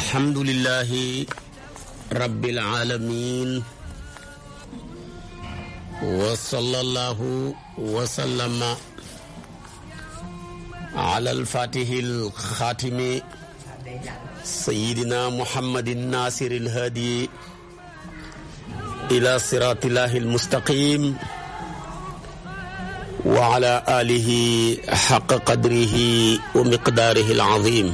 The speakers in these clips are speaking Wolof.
alhamdulillahi rabbil aalamiin wa sallallahu wa sallama ala alfaatihi alxaatimi sayyidina muhammadin naasiri alhaadi ila siraatillahi almustaqiim wa ala aalihi xaqa qadrihi wa miqdaarihi alaziim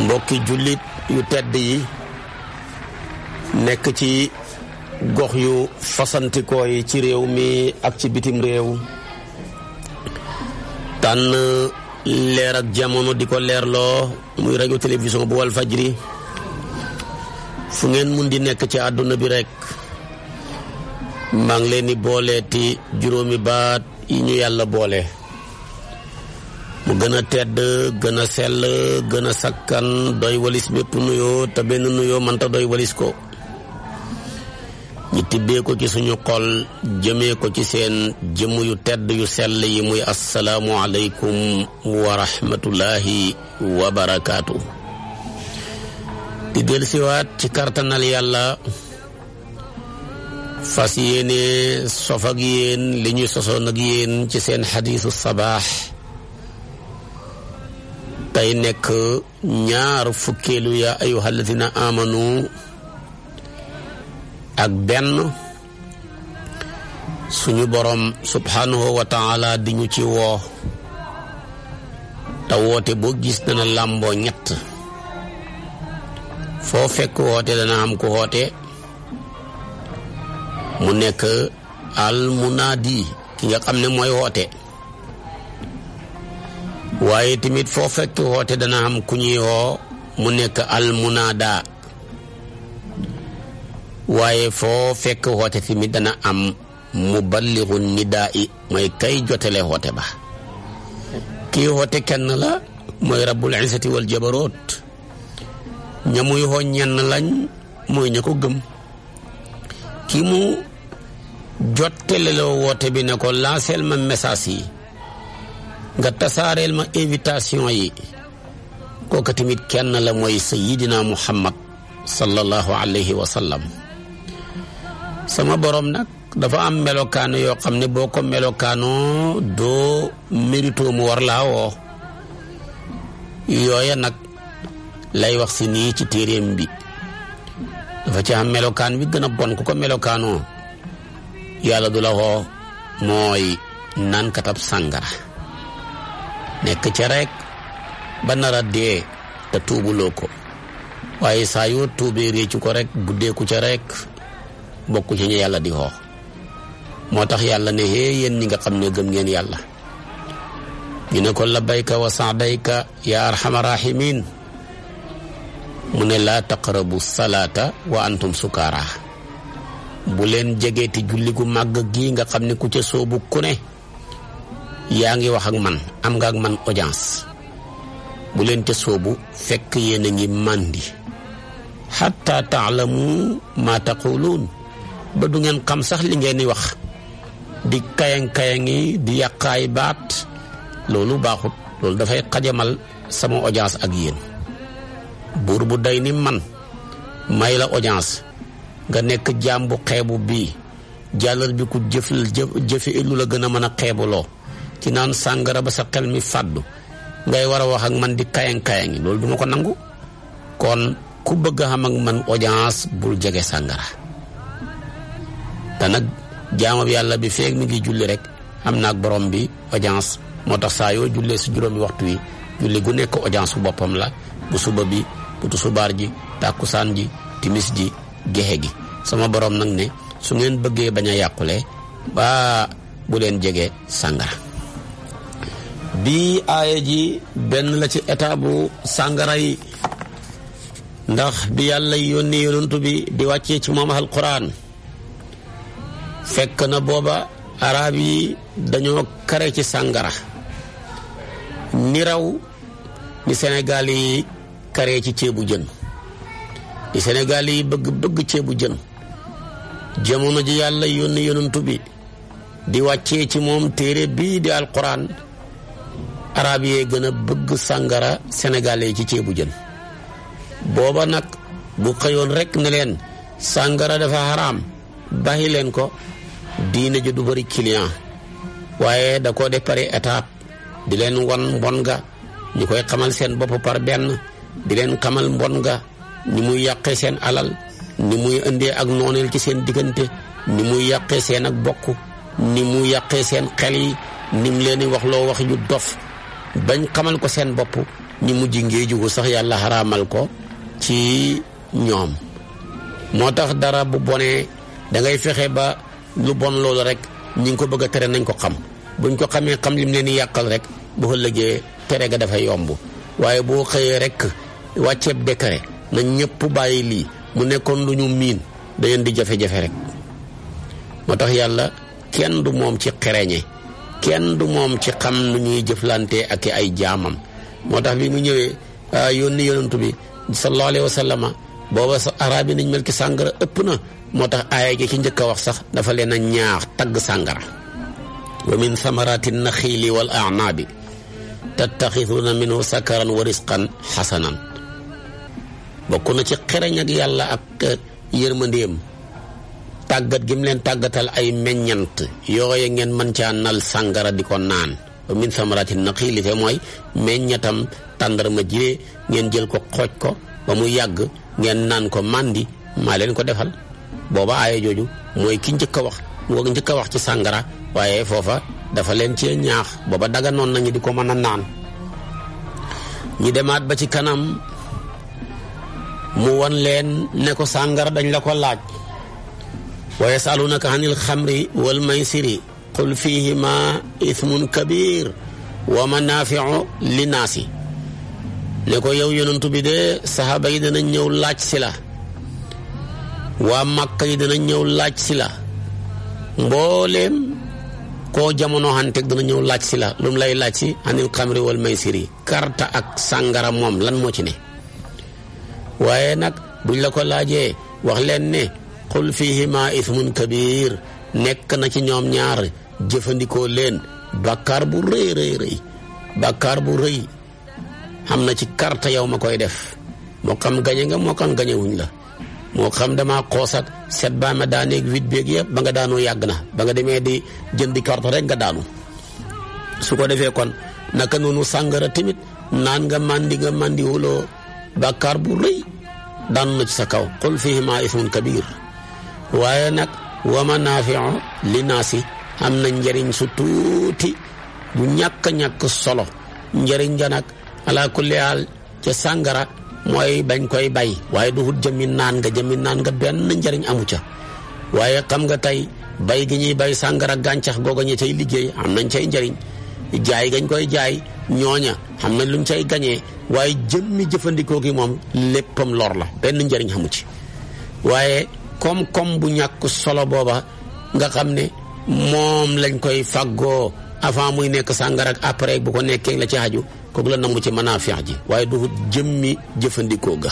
mbokki jullit yu tedd yi nekk ci gox yu fasantikoo yi ci réew mi ak ci bitim réew tànn leer ak jamono di ko leerloo muy rajo télévision bu Walfadjri fu ngeen mun di nekk ci àdduna bi rekk maa ngi leen di booleeti juróomi baat yi ñu yàlla boole mu gën a tedd gën a sell gën a sakkan doy walis bépp nuyoo te benn nuyoo mënta doy walis ko ñu tibbee ko ci suñu xol jëmee ko ci seen jëmm yu tedd yu sell yi muy asalaamu aleykum wa rahmatullahi wa barakaatu di dellusiwaat ci kartanal yàlla fas yéene sof ak yéen li ñuy sosoon ak yéen ci seen xadiisu sabaax tey nekk ñaar fukkeelu yaa ayuha alladina amanu ak benn suñu borom subhanahu wa taala di ñu ci woo te woote boo gis dana làmboo ñett foo fekk woote dana am ku woote mu nekk al ki nga xam ne mooy woote waaye tamit foo fekk woote dana am ku ñuy woo mu nekk almunada waaye foo fekk woote tamit dana am mu muballigu nidaai mooy kay jotale woote ba kii woote kenn la mooy rabbul izzati wal jabaroot ña muy ñenn lañ mooy ña ko gëm kii mu jottale la woote bi ne ko lancel ma message yi nga tasaareel ma invitation yi kooka kenn la mooy sayidina muhammad sallallahu alayhi wa sallam sama boroom nag dafa am melokaano yoo xam ne boo ko melokaanoo doo mérito mu war laa woo yooya nag lay wax si nii ci téeréem bi dafa ci am melokaan bi gën a bon ku ko melokaanoo yàlla du la woo mooy naan katab sàngara nekk ca rekk ba nara a dee te tuubuloo ko waaye saa yoo tuubee réccu ko rek guddeeku ca rek bokku ci ñu yàlla di xoox moo tax yàlla ne xée yéen ñi nga xam ne gëm ngeen yàlla ñu ne ko labayka wa saadayka ya arxama rahimin mu ne laa bu salaata wa antum sukaara bu leen jegeeti julli gu màgg gii nga xam ne ku ca soobu ku ne yaa ngi wax ak man am nga ak man audience bu leen te bu fekk yéen a ngi màndi xatta taalamu ma taquluun ba du ngeen xam sax li ngeen di wax di kayang-kayangi di yàqaay baat loolu baaxut loolu dafay xajamal sama audience ak yéen buur bu day ni man may la audience nga nekk jaam bu xeebu bii jàllal bi ku jëf jëfe lu la gën a mën a xeebuloo ci naan sàngara ba sa xel mi fàddu ngay war a wax ak man di kayang-kayangi loolu duma ko nangu kon ku bëgg xam ak man audience bul jege sàngara te nag jaamab yàlla bi feeg mi ngi julli rek am na ak boroom bi audience moo tax saa yoo jullee si juróomi waxtu wi julli gu nekk audience bu boppam la bu suba bi bu tusubaar ji tàkkusaan ji timis ji gexe gi sama borom nag ne su ngeen bëggee bañ yàqule baa bu leen jege sàngara bii aaya ji benn la ci état bu sàngara yi ndax bi yàlla yónni yonent bi di wàccee ci moom alquran fekk na booba arab yi dañoo kare ci sàngara ni raw ni Sénégal yi kare ci ceebu jën ni Sénégal yi bëgg bëgg ceebu jën jamono ji yàlla yónni yonent bi di wàccee ci moom téere bii di alquran araab yee gën a bëgg sàngara sénégalais ci ceebu jën booba nag bu xëyoon rekk ne leen sàngara dafa xaraam bàyyi leen ko diine ji du bëri client waaye da koo def pare étape di leen won mbon ga ñu koy xamal seen bopp par benn di leen xamal mbon nga ni muy yàqee seen alal ni muy indee ak nooneel ci seen diggante ni muy yàqee seen ak bokk ni mu yàqee seen xel yi ni leen di wax loo wax yu dof bañ xamal ko seen bopp ñu mujj ngéejugu sax yàlla xaraamal ko ci ñoom moo tax dara bu bonee dangay fexe ba lu bon loolu rek ñu ngi ko bëgg a tere nañ ko xam buñ ko xamee xam lim leen di yàqal rek bu ëllëgee tere ga dafa yomb waaye boo xëyee rek wàcceeb décret nañ ñëpp bàyyi lii mu nekkoon lu ñu miin da leen di jafe-jafe rek moo tax yàlla kenn du moom ci xereñe kenn du moom ci xam nu ñuy jëflante ak ay jaamam moo tax bi mu ñëwee ah, yónni yonantu bi sallallahu alayhi wa booba sa araab yi nañ mel ki sàngara ëpp na moo tax aaya gi ki njëkk a wax sax dafa leen a ñaax tagg sàngara wa min samarati naxiili wal anaabi tattaxiduna minhu sakaran wa risqan xasanan bokk na ci xereñ ak yàlla ak eh, yërmandeem tàggat gi mu leen tàggatal ay meññant yooya ngeen mën caa nal sàngara di ko naan min samarati naqiili te mooy meññatam tàndarma jire ngeen jël ko xooj ko ba mu yàgg ngeen naan ko màndi maa leen ko defal booba aaya jooju mooy ki njëkk a wax moo njëkk a wax ci sàngara waaye foofa dafa leen ci ñaax booba daganoon nañu di ko mën a naan ñi demaat ba ci kanam mu won leen ne ko sàngara dañ la ko laaj wa yasalunaka anil xamri wal maysiri qul fihima ithmun kabir wa manafiu linnaasi ne ko yow yonantu bi de saxaaba yi danañ ñëw laaj si la waa Màkka yi danañ ñëw laaj si la mbooleem koo jamono xanteeg dana ñëw laaj si la lu lay laaj si anil xamri wal maysiri karta ak sàngara moom lan moo ci ne waaye nag buñ la ko laajee wax leen ne qul fihima ithmun kabir nekk na ci ñoom ñaar jëfandikoo leen bàkkaar bu rëy rëy rëy bàkkaar bu rëy am na ci carte yow ma koy def moo xam gañe nga moo xam gañewuñ la moo xam dama xoosat set baa ma daaneeg huit beeg yëpp ba nga daanoo yàgg na ba nga demee di jëndi carte rek nga daanu su ko defee kon naka noonu sàngara tamit naan nga mandi nga mandi wuloo bàkkaar bu rëy daanu na ci sa kaw qul fihima ithmun kabir waaye nag wa manaafiu li naasi am na njariñ su tuuti bu ñàkk-ñàkk solo njëriñ ga nag ala kulli haal ca sàngara mooy bañ koy bay waaye duhut jëmi naan nga jëmi naan nga benn njëriñ amu ca waaye xam nga tey bay gi ñuy bay sàngara gàncax googa ña cay liggéey am nañ cay njëriñ jaay gañ koy jaay ñooña xam nañ luñ cay gañee waaye jëmmi jëfandikoo gi moom léppam loor la benn njëriñ amu ci waaye koom-koom bu ñàkk solo booba nga xam ne moom lañ koy faggoo avant muy nekk sàngara ak après bu ko nekkee la ci aju kooku la nangu ci manaafiya ji waaye du jëmmi jëfandikoo ga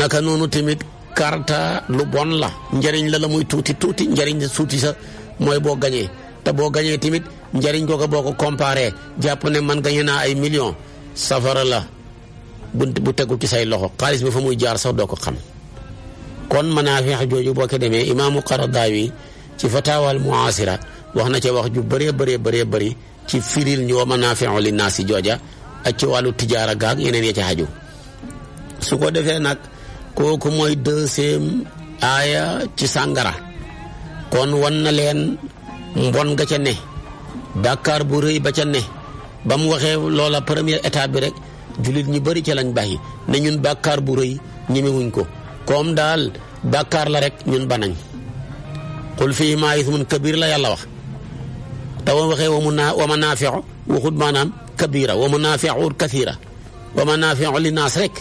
naka noonu tamit karta lu bon la njëriñ la la muy tuuti tuuti njëriñ la suuti sa mooy boo gañee te boo gañee timit njëriñ googa boo ko comparé jàpp ne man gañe naa ay million safara la bu bu tegu ci say loxo xaalis bi fa muy jaar sax doo ko xam kon manaafiya jooju boo ko demee imaamu Qaradaawi ci fataawal muasira wax na ca wax ju bëree bëree bëree bëri ci firil ñu wa manaafiu li si jooja ak ci wàllu tijaara gaag yeneen ya ci xaju su ko defee nag kooku mooy deuxième aaya ci sàngara kon wan na leen mbon ga ca ne bàkkaar bu rëy ba ca ne ba mu waxee loola première état bi rek jullit ñi bëri ca lañ bàyyi ne ñun bàkkaar bu rëy ñemewuñ ko comme daal bàkkaar la rek ñun banañ qul fii maa ismun kabir la yàlla wax te boo waxee wa mu naa wa ma maanaam kabira wa ma naafixu kasira wa ma li naas rek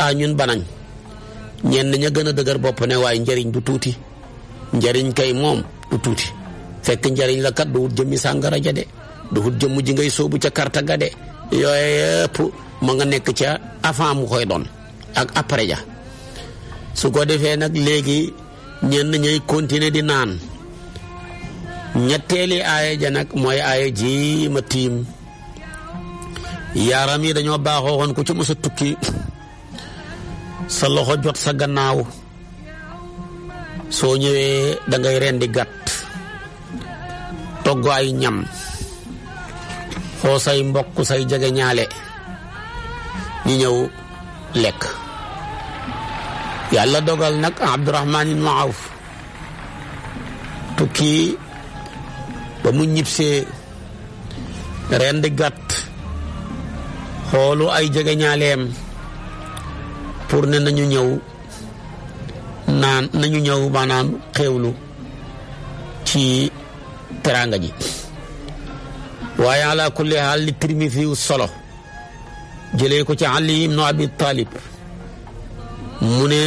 ah ñun banañ ñenn ña gën a dëgër bopp ne waaye njariñ du tuuti njariñ kay moom du tuuti fekk njariñ la kat du wut jëmmi sàngara ja de du wut jëmm ji ngay sóobu ca karta ga de yooyu ma nga nekk ca avant mu koy doon ak après ja su ko defee nag léegi ñenn ñay continuer di naan ñetteeli aaya ja nag mooy aaya ji ma tiim yaaram yi dañoo baaxoo woon ku ci mos a tukki sa loxo jot sa gannaaw soo ñëwee da ngay rendi gàtt togg ay ñam xoo say mbokk say jege ñaale ñu ñëw lekk yàlla dogal nag abdurahman ibnu awf tukki ba mu ñibsee ren di xoolu ay jegeñaaleem pour ne nañu ñëw naan nañu ñëw maanaam xéewlu ci teraanga ji waaye ala kulli haal li Tirmisi solo jëlee ko ci Ali ibnu Abi Talib mu ne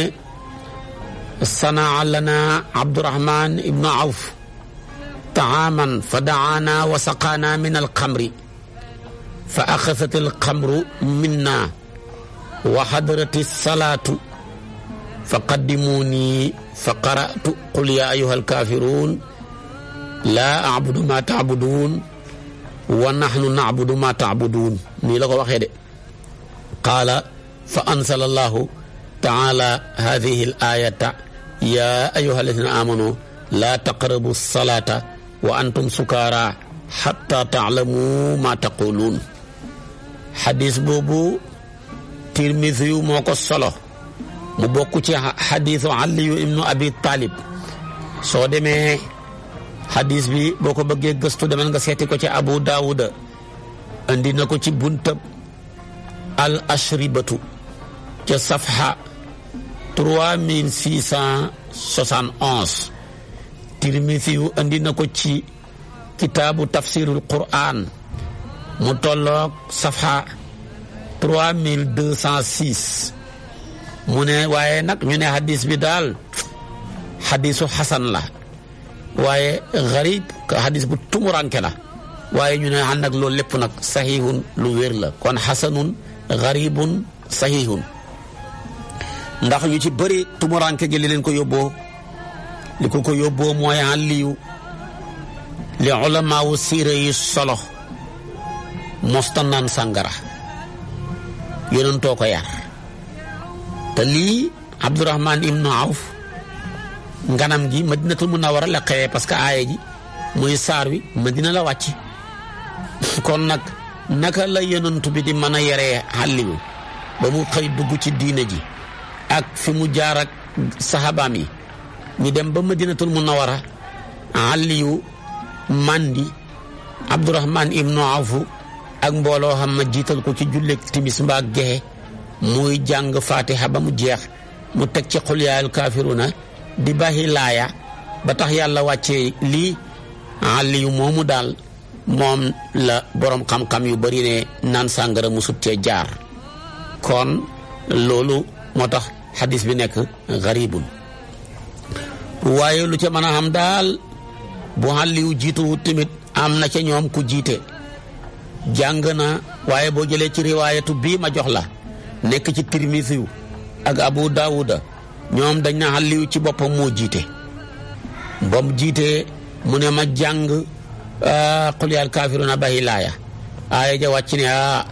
sanaa lana abdurahman ibnu awf taaman fa daana wa saqaana min alxamri fa axasat alxamru minna wa xadarati salaatu fa qaddimuuni fa qara'tu qul yaa ayuha alkaafiruun laa abudu ma taabuduun wa nahnu nabudu ma taabuduun nii la ko waxee de qaala fa ansala allahu taala hadihi l ayata ya ayuha alladina amanu laa taqrabu salaata wa antum sukaara xatta taalamu ma taquluun xadis boobu tirmisi moo ko solo mu bokk ci demee xadis bi boo ko bëggee gëstu demal nga seeti ko ci abu daawuda andi na ko ci buntab al ashribatu ca safha 3671 tirmisi yu andi na ko ci kitaabu tafsirul quran mu tolloog safha 3206 mu ne waaye nag ñu ne hadis bi daal hadisu xasan la waaye garib hadis bu tumuranke la waaye ñu ne an nag loolu lépp nag sahihun lu wér la kon xasanun garibun sahihun ndax ñu ci bëri tumuranke gi li leen ko yóbboo li ko ko yóbboo mooy àlliyu li ulamaawu siire solo mosta naan sàngara yonentoo ko yar te lii abdurahman ibnu awf nganam gi madinatul munawara la xewee parce que aaya ji mooy saar wi madina la wàcc kon nag naka la yonent bi di mën a yaree àlliyu ba mu xëy dugg ci diine ji ak fi mu jaar ak saxaabaam yi ñu dem ba ma na madinatul munawara aliyu mandi abdurahman ibnu awfu ak mbooloo xam ma jiital ko ci julleg timis mbaa gexe muy jàng fatiha ba mu jeex mu teg ci xul yaayul kaafiruna di baaxi laaya ba tax yàlla wàcce lii aliyu moomu daal moom la boroom xam-xam yu bari ne naan sàngara musut cee jaar kon loolu moo tax xadis bi nekk garibun waaye lu ca mën a am daal bu xàlliw jiituwut tamit am na ca ñoom ku jiite jàng na waaye boo jëlee ci riwaayatu bii ma jox la nekk ci tirmisiw ak abu daawuda ñoom dañ na xàlliw ci boppam moo jiite ba mu jiitee mu ne ma jàng xul yal kaafiruuna bayi laaya aaya ja wàcc ne a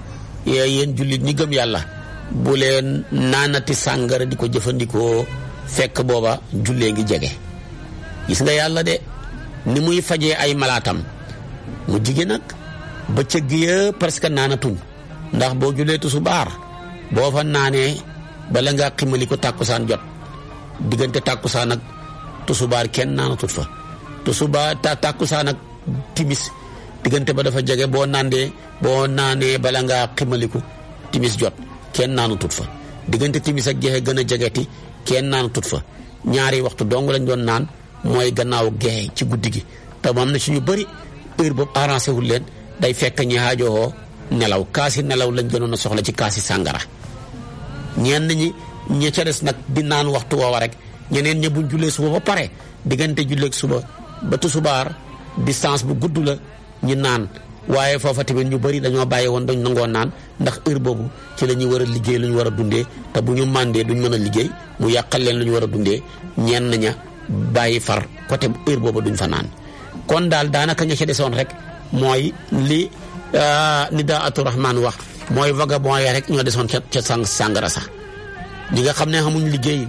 yéen jullit ñi gëm yàlla bu leen naanati sàngara di ko jëfandikoo fekk booba jullee ngi jege gis nga yàlla de ni muy fajee ay malaatam mu jige nag ba cëgg yëpp que naanatuñ ndax boo julee tisbaar boo fa naanee bala ngaa ximali ko tàkkusaan jot diggante tàkkusaan ak tisbaar kenn naanatut fa tisbaar tàkkusaan ak timis diggante ba dafa jege boo naandee boo naanee bala ngaa ximaliku timis jot kenn naanu tut fa diggante timis ak gexe gën a jegeti kenn naanu tut fa ñaari waxtu dong lañ doon naan mooy gannaaw gexe ci guddi gi te am na ñu bëri heure boobu arrangé wul leen day fekk ñi xaajoowoo nelaw kaasi nelaw lañ gënoon a soxla ci kaasi sàngara ñenn ñi ña ca des nag bi naan waxtu woowa rek ñeneen ña buñ jullee suba ba pare diggante julleeg suba ba tusubaar distance bu gudd la ñi naan waaye foofa tamit ñu bëri dañoo bàyyi woon dañ nangoo naan ndax eur boobu ci la ñuy war a liggéey lu ñu war a dundee te bu ñu màndee duñ mën a liggéey mu yàqal leen lu ñu war a dundee ñenn ña bàyyi far côté heure boobu duñ fa naan kon daal daanaka ña ci desoon rek mooy li Nida euh, Atou Rahman wax mooy vagabond ya rek ñoo desoon ca ca sang sàngara sax ñi nga xam ne xamuñ liggéey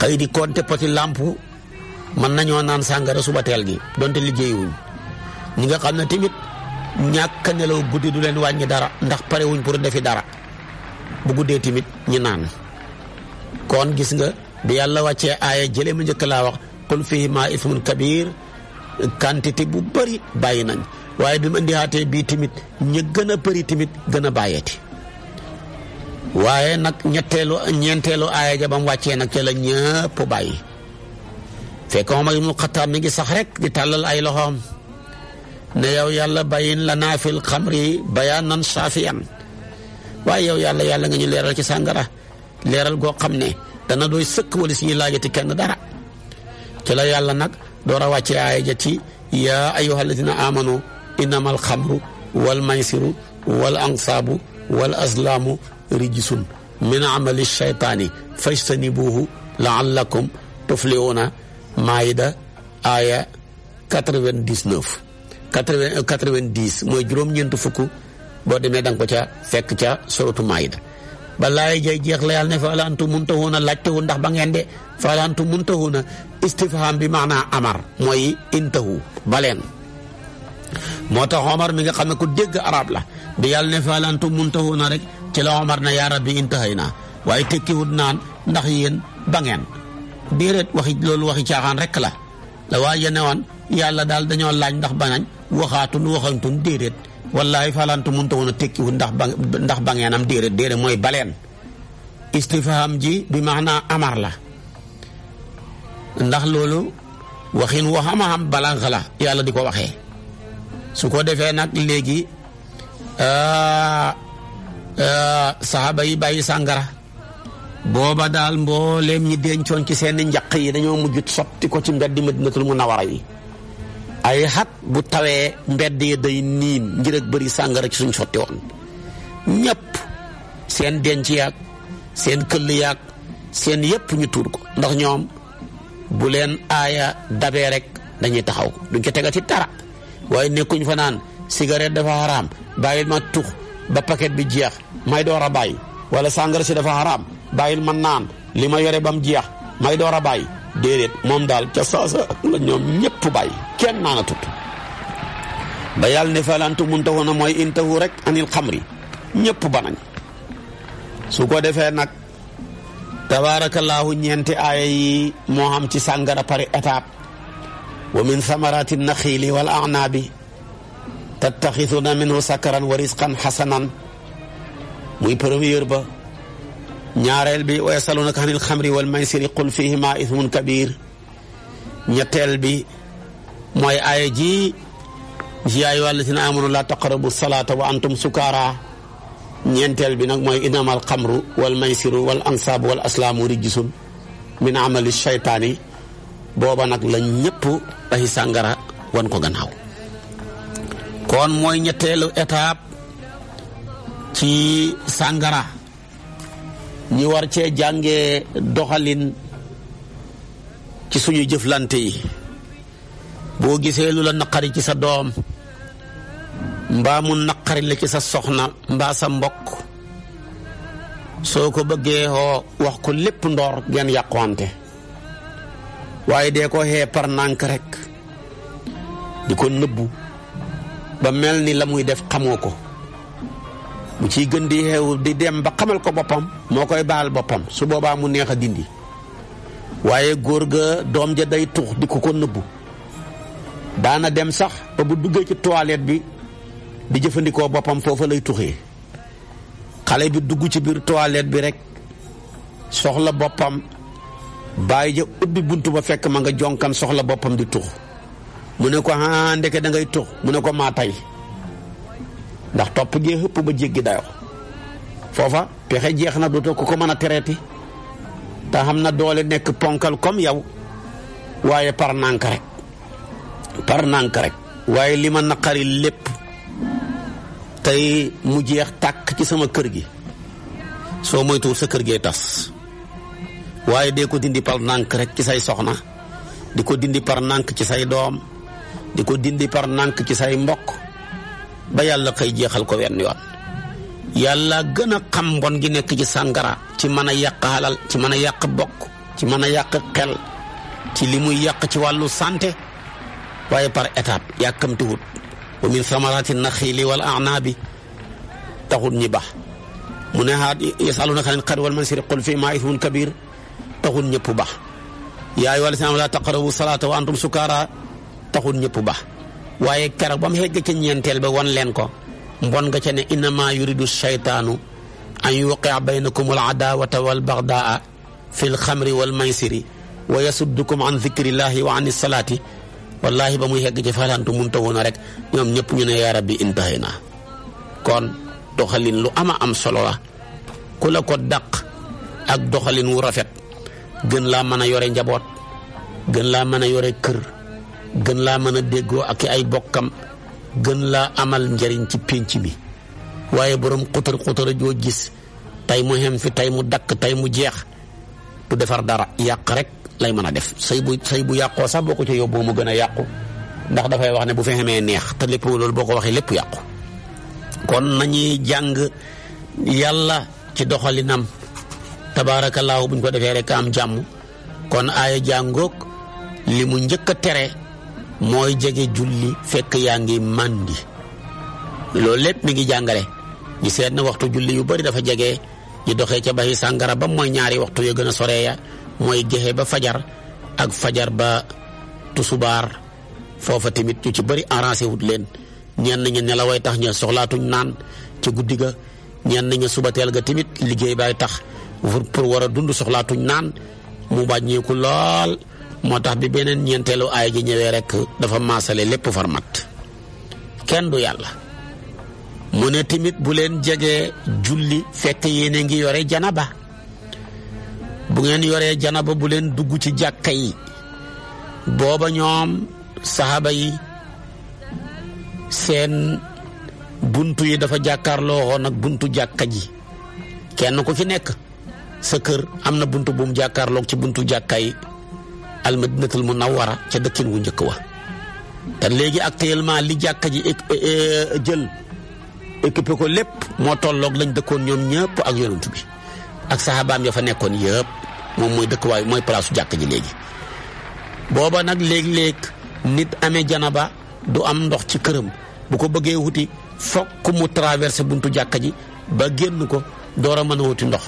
xëy di poti làmp mën nañoo naan sàngara suba teel gi donte liggéeyuñ ñi nga xam ne tamit ñàkk nelaw guddi du leen wàññi dara ndax pare wuñ pour defi dara bu guddee tamit ñi naan kon gis nga bi yàlla wàccee aaya jëlee mu njëkk laa wax qul fii ma ismun kabir quantité bu bari bàyyi nañ waaye bi mu indiwaatee bii tamit ñi gën a bëri tamit gën a bàyyeeti waaye nag ñetteelu ñeenteelu aaya ja ba mu wàccee nag ca la ñëpp bàyyi fekk moom ak Ibnul Xattaab mi ngi sax rek di tàllal ay loxoom ne yow yàlla bayin la naafil xamri bayaanan saafiyan waaye yow yàlla yàlla nga ñu leeral ci sàngara leeral goo xam ne dana doy sëkk wala si ñuy laajati kenn dara ci la yàlla nag door a wàcce aaya ja ci yaa ayyuha alladina amanu innama alxamru wal maysiru wal ansaabu wal aslaamu rijisun min amali shaytaani fajtanibuhu laallakum tuflihuna maayida aaya 99 quatre-vingt euh, quatre-vingt-dix mooy juróom-ñeent fukk boo demee da ko ca fekk ca suratu Maayida ba laay jay jeex la yàlla ne fa alaantu muntahuuna laajtewul ndax ba ngeen de fa alaantu muntahuuna istifham bi maanaa amar mooy intahu baleen moo tax Omar mi nga xam ne ku dégg arab la bi yàlla ne fa alaantu muntahuuna rek ci la Omar ne yaa rabbi intahay naa waaye tekkiwut naan ndax yéen ba ngeen déedéet waxi loolu waxi caaxaan rek la la waa yene woon yàlla daal dañoo laaj ndax ba waxaatun waxantun déedéet wallaahi falantu mënta woon a tekkiwul ndax ndax ba ngeen am déedéet déedéet mooy baleen istifham ji bi maanaa amar la ndax loolu waxin wax ama xam balaax la yàlla di ko waxee su ko defee nag léegi saxaaba yi bàyyi sàngara booba daal mbooleem ñi dencoon ci seen njaq yi dañoo mujj sotti ko ci mbeddi madinatul munawara yi ay xat bu tawee mbedd yi day niin ngir ak bëri sàngara ci suñ sotti woon ñëpp seen denc yaag seen këll yaag seen yëpp ñu tuur ko ndax ñoom bu leen aaya dabee rek dañuy taxaw duñ ca tegati dara waaye nekkuñ fanaan naan cigarette dafa xaraam bàyyil ma tux ba paquet bi jeex may door a bàyyi wala sàngara si dafa xaraam bàyyil ma naan li ma yore ba mu jeex may door a bàyyi déedéet moom daal ca saasa la ñoom ñëpp bàyyi kenn naana tut ba yàlla ne falantu muntahu na mooy intahu rek anil xamri ñëpp banañ su ko defee nag tabaarakallaahu ñeenti aaya yi moo xam ci sàngara pare étape wa min samarati naxiili wal anabi tattaxisuna minhu sakaran wa risqan xasanan muy première ba ñaareel bi wa yasalunaka anil xamri wal maysiri qul fihima ithmun kabir ñetteel bi mooy aaya ji yaa ayyuha allazina amanu la taqrabu salata wa antum sukara ñeenteel bi nag mooy innama al xamru wal maysiru wal ansaabu wal aslaamu rijsun min amali shaytaani booba nag la ñëpp ay sàngara wan ko gannaaw kon mooy ñetteelu étape ci sàngara ñu war cee jàngee doxalin ci suñu jëflante yi boo gisee lu la naqari ci sa doom mbaa mu naqari la ci sa soxna mbaa sa mbokk soo ko bëggee oo wax ko lépp ndoor ngeen yàquwante waaye dee ko par nànk rekk di ko nëbbu ba mel ni la muy def xamoo ko bu ciy gën di xew di dem ba xamal ko boppam moo koy baal boppam su boobaa mu neex a dindi waaye góor ga doom ja day tux di ko ko nëbbu daana dem sax ba bu duggee ci toilette bi di jëfandikoo boppam foofa lay tuxee xale bi dugg ci biir toilette bi rek soxla boppam bàyyi ja ubbi bunt ba fekk ma nga jonkan soxla boppam di tux mu ne ko ah ndeke da ngay tux mu ne ko maa tay ndax topp gee xëpp ba jéggi dayo foofa pexe jeex na dootoo ko ko mën a tereeti te xam na doole nekk ponkal kom yow waaye par nànk rek par nànk rek waaye li ma naqari lépp tey mu jeex tàkk ci sama kër gi soo moytuwul sa kër gee tas waaye dee ko dindi par nànk rek ci say soxna di ko dindi par nànk ci say doom di ko dindi par nànk ci say mbokk ba yàlla xëy jeexal ko wenn yàlla gën a xam mbon gi nekk ci sànkara ci mën a yàq halal ci mën a yàq bokk ci mën a yàq xel ci li muy yàq ci wàllu santé waaye par étape yàkkamtiwut wa min samarati naxiili wal anabi taxul ñi baax mu ne xaat yasalunaka anil xamri wal maysiri qul fi ma ithmun kabir taxul ñëpp baax yaa ayyuhal lazina amanu la taqrabu salata wa antum sukara taxul ñëpp baax waaye keroog ba mu xegg ca ñeenteel ba won leen ko mbon nga ca ne innama yuridu shaytaanu an yuqia baynakum al adawata wal bagdaa fi l xamri wal maysiri wa yasuddukum an zikrillahi wa an salaati wallahi ba muy xegg ci falantu mun ta woon rek ñoom ñëpp ñu ne yaa rabbi intahay naa kon doxalin lu ama am solo la ku la ko daq ak doxalin wu rafet gën laa mën a yore njaboot gën laa mën a yore kër gën laa mën a déggoo ak ay bokkam gën laa amal njariñ ci pénc mi waaye borom xutar xutar joo gis tey mu xem fi tey mu dakk tey mu jeex du defar dara yàq rek lay mën a def sëy bu sëy bu yàqoo sax boo ko ca yóbboo mu gën a yàqu ndax dafay wax ne bu fi xamee neex te lépp loolu boo ko waxee lépp yàqu kon nañuy jàng yàlla ci doxalinam tabaarakallaahu buñ ko defee rek am jàmm kon aaya jàngook li mu njëkk a tere mooy jege julli fekk yaa ngi màndi loolu lépp mi ngi jàngale ñu seet na waxtu julli yu bari dafa jege ñu doxee ca baxi sàngara ba mooy ñaari waxtu yu gën a soree ya mooy gexe ba fajar ak fajar ba tusubaar foofa tamit ñu ci bari arrangé wut leen ñenn ñi nelaway tax ña soxlaatuñ naan ci guddi ga ñenn ñi subateel ga tamit liggéey baay tax pour war a dund soxlaatuñ naan mu wàññeeku lool moo tax bi beneen ñeenteelu aay ji ñëwee rek dafa maasale lépp farmat kenn du yàlla mu ne timit bu leen jegee julli fekk yéene ngi yore janaba bu ngeen yoree janaba bu leen dugg ci jàkka yi booba ñoom saxaaba yi seen buntu yi dafa jàkkaarloo nag buntu jàkka ji kenn ku fi nekk sa kër am na buntu bu mu ci buntu jàkka yi mu almadinatul munawwara ca dëkkin wu njëkk wa te léegi actuellement li jàkka ji e, e, jël équipé ko lépp moo tolloog lañ dëkkoon ñoom ñëpp ak yonent bi ak saxaabaam ya fa nekkoon yëpp moom mooy dëkkuwaay mooy palaasu jàkka ji léegi booba nag léegi léeg nit amee ba du am ndox ci këram bu ko bëggee wuti fokk mu traversé buntu jàkka ji ba génn ko door a mën a wuti ndox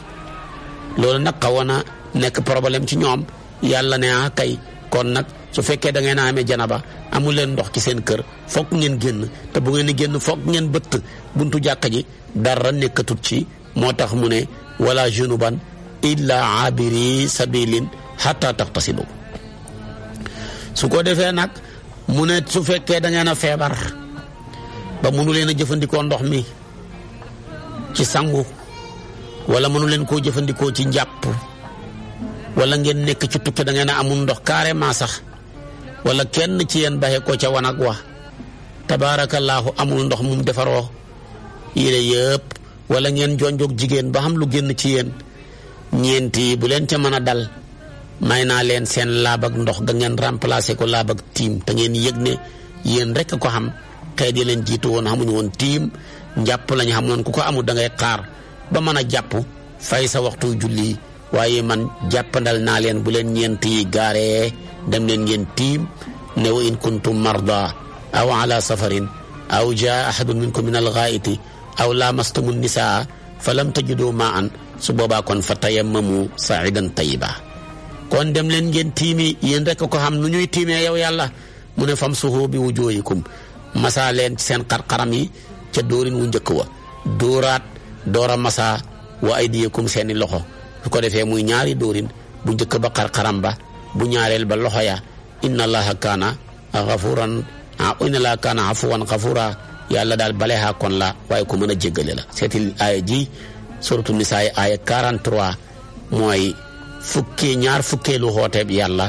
loolu nag xawoon a nekk problème ci ñoom yàlla ne ah kay kon nag su fekkee da ngeen a amee janaba amul leen ndox ci seen kër fokk ngeen génn te bu ngeen di génn fokk ngeen bëtt buntu jàkka ji dara nekkatut ci moo tax mu ne wala junuban illa abiri sabilin hatta taxtasibu su ko defee nag mu ne su fekkee da a feebar ba mënu leen jëfandikoo ndox mi ci sangu wala mënu leen koo jëfandikoo ci njàpp wala ngeen nekk ci tukki da ngeen a amul ndox carrément sax wala kenn ci yéen baxe ko ca wanag wa tabaarakallaahu amul ndox mu defaroo yére yëpp wala ngeen jonjoog jigéen ba xam lu génn ci yéen ñeenti bu leen ca mën a dal may naa leen seen laab ak ndox ga ngeen remplacer ko laabag ak tiim te ngeen yëg ne yéen rek ko xam xeet yi leen jiitu woon xamuñu woon tiim njàpp lañu xamoon ku ko amul da ngay xaar ba mën a jàpp fay sa waxtu julli waaye man jàppandal naa leen bu leen ñeent yi gaaree dem leen ngeen tiim ne wa in kuntum marda aw ala safarin aw jaa ahadun minkum min alxaaiti aw laamastumu nisaa fa lam tajidu ma an su boobaa kon fa tayammamu saidan tayiba kon dem leen ngeen tiimi yéen rek ko xam nu ñuy tiime yow yàlla mu ne fam suhu bi wujuhikum masaa leen seen xarxaram yi ca doorin wu njëkk wa dóoraat doora masaa wa aydiyakum seeni loxo su ko defee muy ñaari dóorin bu njëkk ba xarxaram ba bu ñaareel ba loxo ya inna allaha kaana xafuran inna allaha kaana afuwan xafura yàlla daal bale xaa kon la waaye ko mën a jéggale la seetil aaya ji suratu nisaa yi aaya 43 mooy fukkee ñaar fukkeelu xooteeb yàlla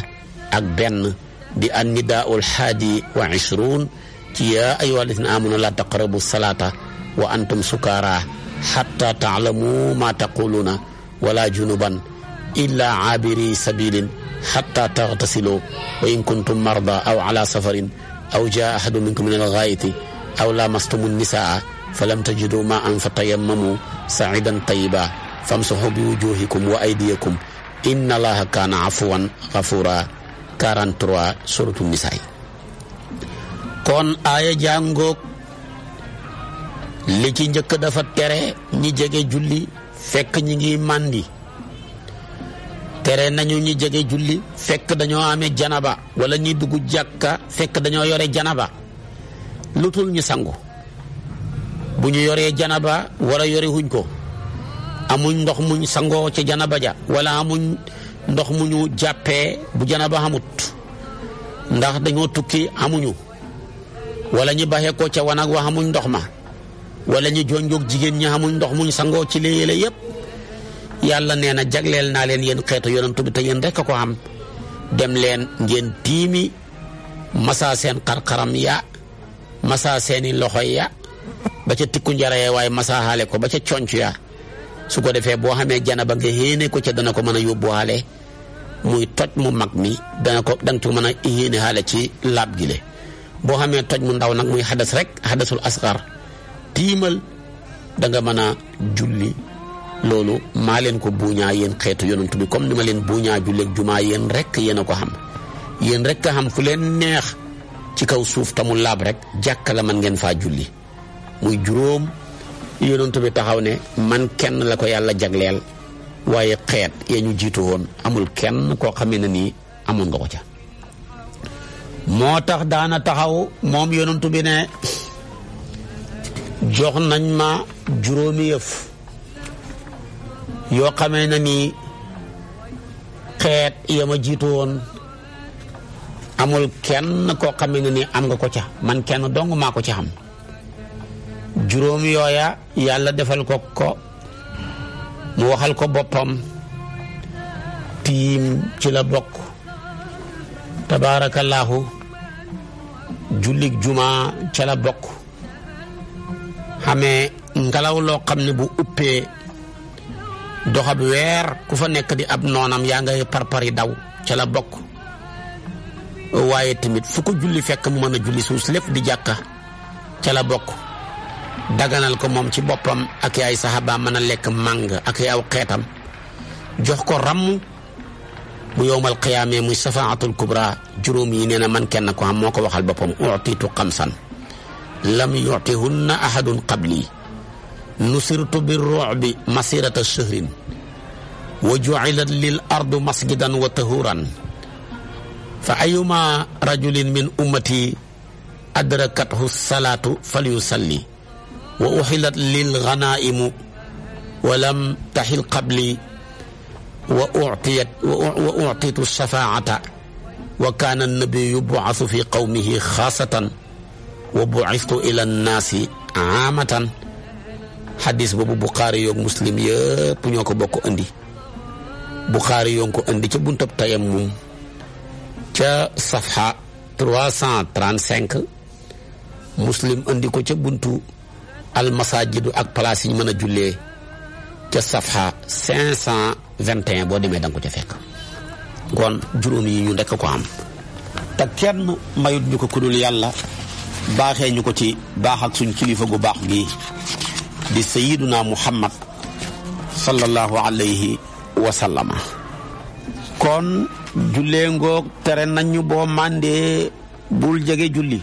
ak benn di an nidaaul haadi wa ishruun ci yaa ayyuha alladina amanu la taqrabu salaata wa antum sukaara xatta taalamu ma taquluuna wala junuban illa abiri sabilin xata taxtasilu wa in kuntum marda aw ala safarin aw jaa ahadu minkum min alxaayiti aw lamastumu nisaa fa lam tajidu ma an fa tayammamu saidan tayiba famsaxu bi wujuhikum wa aydiyakum inna allaha kaana afuwan xafura 43 suratu nisaa kon aaya jàngoog li ci njëkk dafa tere ñi jege julli fekk ñi ngi màndi tere nañu ñu jege julli fekk dañoo amee janaba wala ñuy dugg jàkka fekk dañoo yore janaba lu tul ñu sangu bu ñu yoree janaba wara yore wuñ ko amuñ ndox muñ sangoo ca janaba ja wala amuñ ndox mu ñu jàppee bu janaba xamut ndax dañoo tukki amuñu wala ñu baxee ko ca wanag wa amuñ ndox ma wala ñu jonjoog jigéen ñi xamuñ ndox muñ sangoo ci léeg-léeg yëpp yàlla nee na jagleel naa leen yéen xeetu yonantu bi te yéen rek a ko xam dem leen ngeen tiimi masaa seen xarxaram ya masaa seeni loxo ya ba ca tikku njarayee waaye masaa xaale ko ba ca conc ya su ko defee boo xamee janaba nga yéene ko ca dana ko mën a yóbbu xaale muy toj mu mag mi dana ko danga ci mën a yéene xaale ci laab gi boo xamee toj mu ndaw nag muy xadas rek xadasul asgar tiimal da nga mën a julli loolu maa leen ko buuñaa yéen xeetu yonent bi comme ni ma leen buuñaa julleeg jumaa yéen rek yéen a ko xam yéen rek a xam fu leen neex ci kaw suuf tamu laab rek jàkkale man ngeen faa julli muy juróom yonent bi taxaw ne man kenn la ko yàlla jagleel waaye xeet ya ñu jiitu woon amul kenn koo xamee ne nii amoon nga ko ca moo tax daana taxaw moom yonent bi ne jox nañ ma juróomi yëf yoo xamee na ni xeet ya ma jiitu woon amul kenn koo xamee na ni am nga ko ca man kenn dong maa ko ci xam juróom yooya yàlla defal ko ko mu waxal ko boppam tiim ci la bokk tabaarakallaahu jullig juma ca la bokk xamee ngelaw loo xam ne bu uppee doxab weer ku fa nekk di ab noonam yaa ngay parpari daw ca la bokk waaye tamit fu ko julli fekk mu mën a julli suus lépp di jàkka ca la bokk daganal ko moom ci boppam ak yaay saxaba mën a lekk màng ak yaw xeetam jox ko ramm bu yowmal qiyaamee muy safaatul kubra juróom yi nee na man kenn ko am moo ko waxal boppam utiitu xamsan lam yu'tihunna ahadun qabli nusirtu bi ru'bi masirata shahrin wa ju'ilat lil ardu masjidan wa tahuran fa ayuma rajulin min ummati adrakathu salaatu falyusalli wa uxilat lil ganaimu wa lam taxil qabli wa utiyat wa utitu shafaata wa kaana annabiyu yubasu fi qawmihi xaasatan wa bu'ithtu ila nnaasi aamatan xadis boobu Buxaari yoog muslim yëpp ñoo ko bokk andi Buxaari yoo ngi ko andi ca buntab tayammum ca safha 335 muslim andi ko ca buntu almasajidu ak place yi ñu mën a jullee ca safha 521 boo demee da nga ko ca fekk. kon juróom yi ñu ndekk ko am. te kenn mayut ñu ko kudul yàlla. baaxee ñu ko ci baax ak suñ kilifa gu baax gi di sayiduna muhammad sallallahu alayhi wa sallama kon jullee ngoog tere nañu boo màndee bul jege julli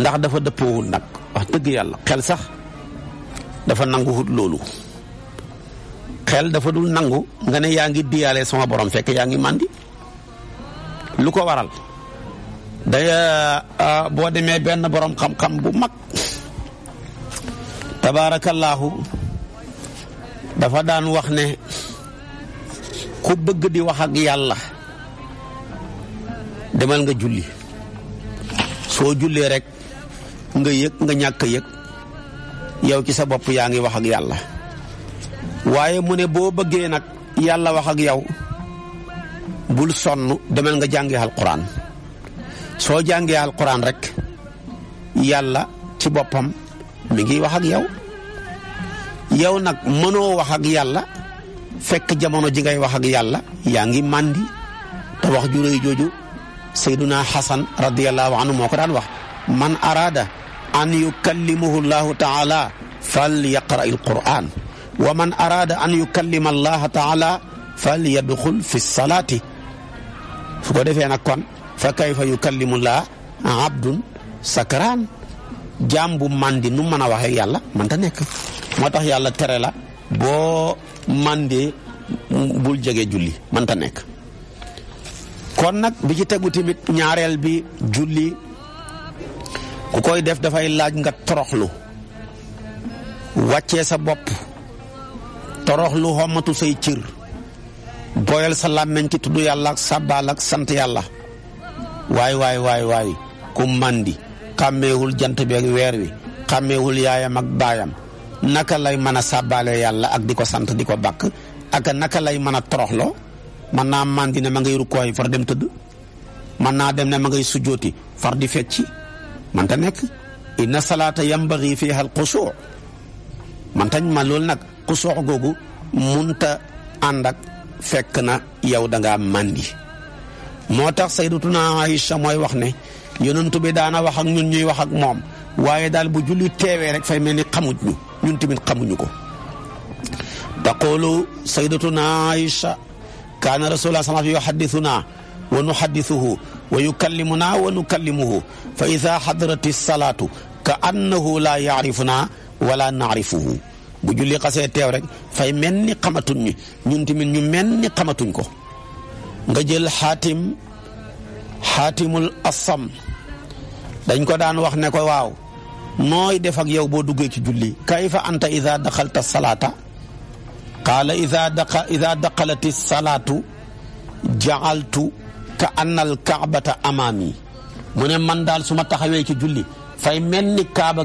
ndax dafa dëppoowul nag wax dëgg yàlla xel sax dafa nanguwut loolu xel dafa dul nangu nga ne yaa ngi diyaale sama borom fekk yaa ngi màndi lu ko waral day eh, eh, boo demee benn boroom xam-xam bu mag tabaarakallaahu dafa daan wax ne ku bëgg di wax ak yàlla demal nga julli soo jullee rek nga yëg nga ñàkk yëg yow ci sa bopp yaa ngi wax ak yàlla waaye mu ne boo bëggee nag yàlla wax ak yow bul sonn demal nga jàngi alquran soo jàngee alquran rek yàlla ci boppam mi ngi wax ak yow yow nag mënoo wax ak yàlla fekk jamono ji ngay wax ak yàlla yaa ngi màndi te wax ju réy jooju sayduna xasan radiallahu anhu moo ko daan wax man araada an yukallimuhu llahu taala fal yaqra il quran wa man araada an yukallima allaha taala fal yadxul fi salaati su ko defee nag kon fa kayfa yukallimu laa abdun sakaraan jaam bu màndi nu mën a waxee yàlla man ta nekk moo tax yàlla tere la boo màndee bul jege julli man ta nekk kon nag bi ci tegu tamit ñaareel bi julli ku koy def dafay laaj nga toroxlu wàcce sa bopp toroxlu xommatu say cër booyal sa làmmeñ ci tudd yàlla ak sàbbaal ak sant yàlla waay waay waay waay ku mandi xàmmeewul jant bi ak weer wi xàmmeewul yaayam ak baayam naka lay mën a sàbbaale yàlla ak di ko sant di ko bakk ak naka lay mën a toroxloo mën naa mandi ne ma ngay rukkooy far dem tëdd mën naa dem ne ma ngay sujjooti far di fecci man ta nekk inna salaata yambagi fiha al xusuu man tañ ma loolu nag xusuu googu munta ànd ak fekk na yow da ngaa màndi moo tax sayyidatuna Aïcha mooy wax ne yonent bi daana wax ak ñun ñuy wax ak moom waaye daal bu julli teewee rek fay mel ni xamuñ ñu ñun tamit xamuñu ko taqulu sayyidatuna Aïcha kaana rasulullah sallallahu alayhi wa sallam yuhaddithuna wa nuhaddithuhu wa yukallimuna wa nukallimuhu fa idha hadarati salaatu ka annahu laa yarifuna wala naarifuhu bu julli xasee teew rek fay mel ni xamatuñ ñi ñun tamit ñu mel ni xamatuñ ko nga jël xaatim xaatimul asam dañ ko daan wax ne ko waaw nooy def ak yow boo duggee ci julli kayfa anta ida daxalta salaata qaala ida daqa salaatu jaaltu ka annal kaabata amaami mu ne man daal su ma taxawee ci julli fay mel ni kaaba